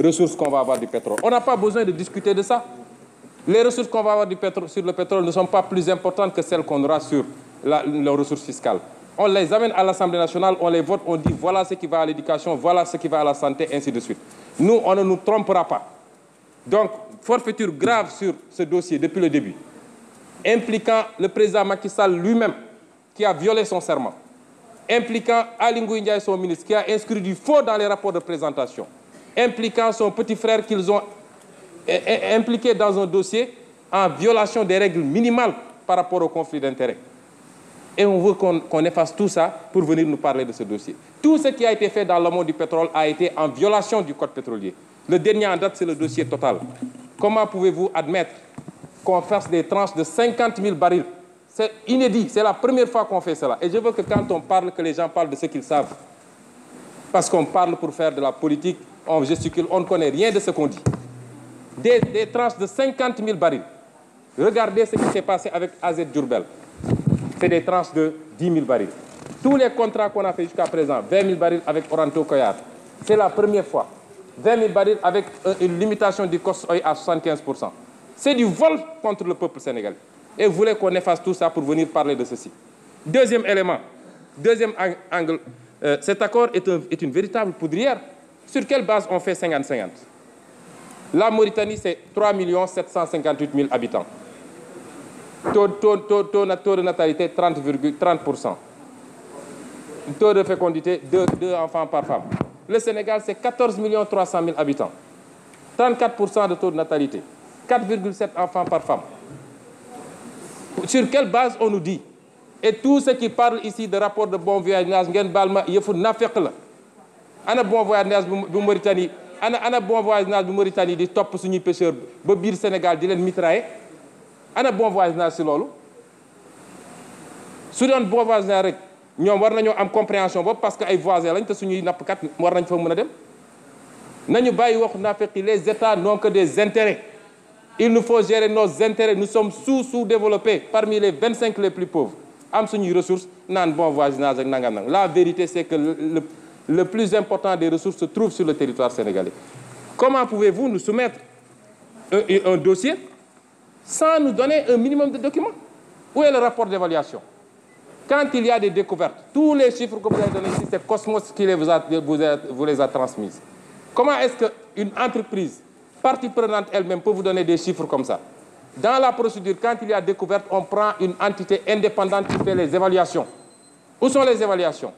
ressources qu'on va avoir du pétrole. On n'a pas besoin de discuter de ça. Les ressources qu'on va avoir du pétrole, sur le pétrole ne sont pas plus importantes que celles qu'on aura sur les ressources fiscales. On les amène à l'Assemblée nationale, on les vote, on dit voilà ce qui va à l'éducation, voilà ce qui va à la santé, ainsi de suite. Nous, on ne nous trompera pas. Donc, forfaiture grave sur ce dossier depuis le début, impliquant le président Macky Sall lui-même, qui a violé son serment, impliquant Alingou et son ministre, qui a inscrit du faux dans les rapports de présentation, impliquant son petit frère qu'ils ont eh, eh, impliqué dans un dossier en violation des règles minimales par rapport au conflit d'intérêts. Et on veut qu'on efface tout ça pour venir nous parler de ce dossier. Tout ce qui a été fait dans le monde du pétrole a été en violation du code pétrolier. Le dernier en date, c'est le dossier total. Comment pouvez-vous admettre qu'on fasse des tranches de 50 000 barils C'est inédit, c'est la première fois qu'on fait cela. Et je veux que quand on parle, que les gens parlent de ce qu'ils savent. Parce qu'on parle pour faire de la politique on gesticule, on ne connaît rien de ce qu'on dit. Des, tranches de 50 000 barils. Regardez ce qui s'est passé avec AZ Djurbel. C'est des tranches de 10 000 barils. Tous les contrats qu'on a fait jusqu'à présent, 20 000 barils avec Oranto coyard c'est la première fois. 20 000 barils avec euh, une limitation du cost à 75 C'est du vol contre le peuple sénégalais. Et vous voulez qu'on efface tout ça pour venir parler de ceci. Deuxième élément, deuxième angle, euh, cet accord est, est une véritable poudrière sur quelle base on fait 50-50 La Mauritanie, c'est 3 758 000 habitants. Taux, de natalité, 30%. Taux de fécondité, 2, enfants par femme. Le Sénégal, c'est 14 300 000 habitants. 34% de taux de natalité. 4,7 enfants par femme. Sur quelle base on nous dit Et tout ceux qui parle ici de rapport de bon il voyage, ana bon voisinage bu Mauritanie ana ana bon voisinage bu Mauritanie di top suñu pêcheur ba biir Sénégal di y mitrailler ana bon voisinage ci lolu su doon bon voisinage rek ñom war nañu am compréhension parce que ay voisins lañ te nap kat war nañ fa mëna a dem nañu bayyi wax naafeq les états n'ont que des intérêts il nous faut gérer nos intérêts nous sommes sous sous-développés parmi les 25 les plus pauvres am des ressources un bon voisinage ak nangam la vérité c'est que le le plus important des ressources se trouve sur le territoire sénégalais. Comment pouvez-vous nous soumettre un, dossier sans nous donner un minimum de documents Où est le rapport d'évaluation Quand il y a des découvertes, tous les chiffres que vous avez donnés c'est Cosmos qui les vous, vous les a transmises. Comment est-ce qu'une entreprise, partie prenante elle-même, peut vous donner des chiffres comme ça Dans la procédure, quand il y a découverte, on prend une entité indépendante qui fait les évaluations. Où sont les évaluations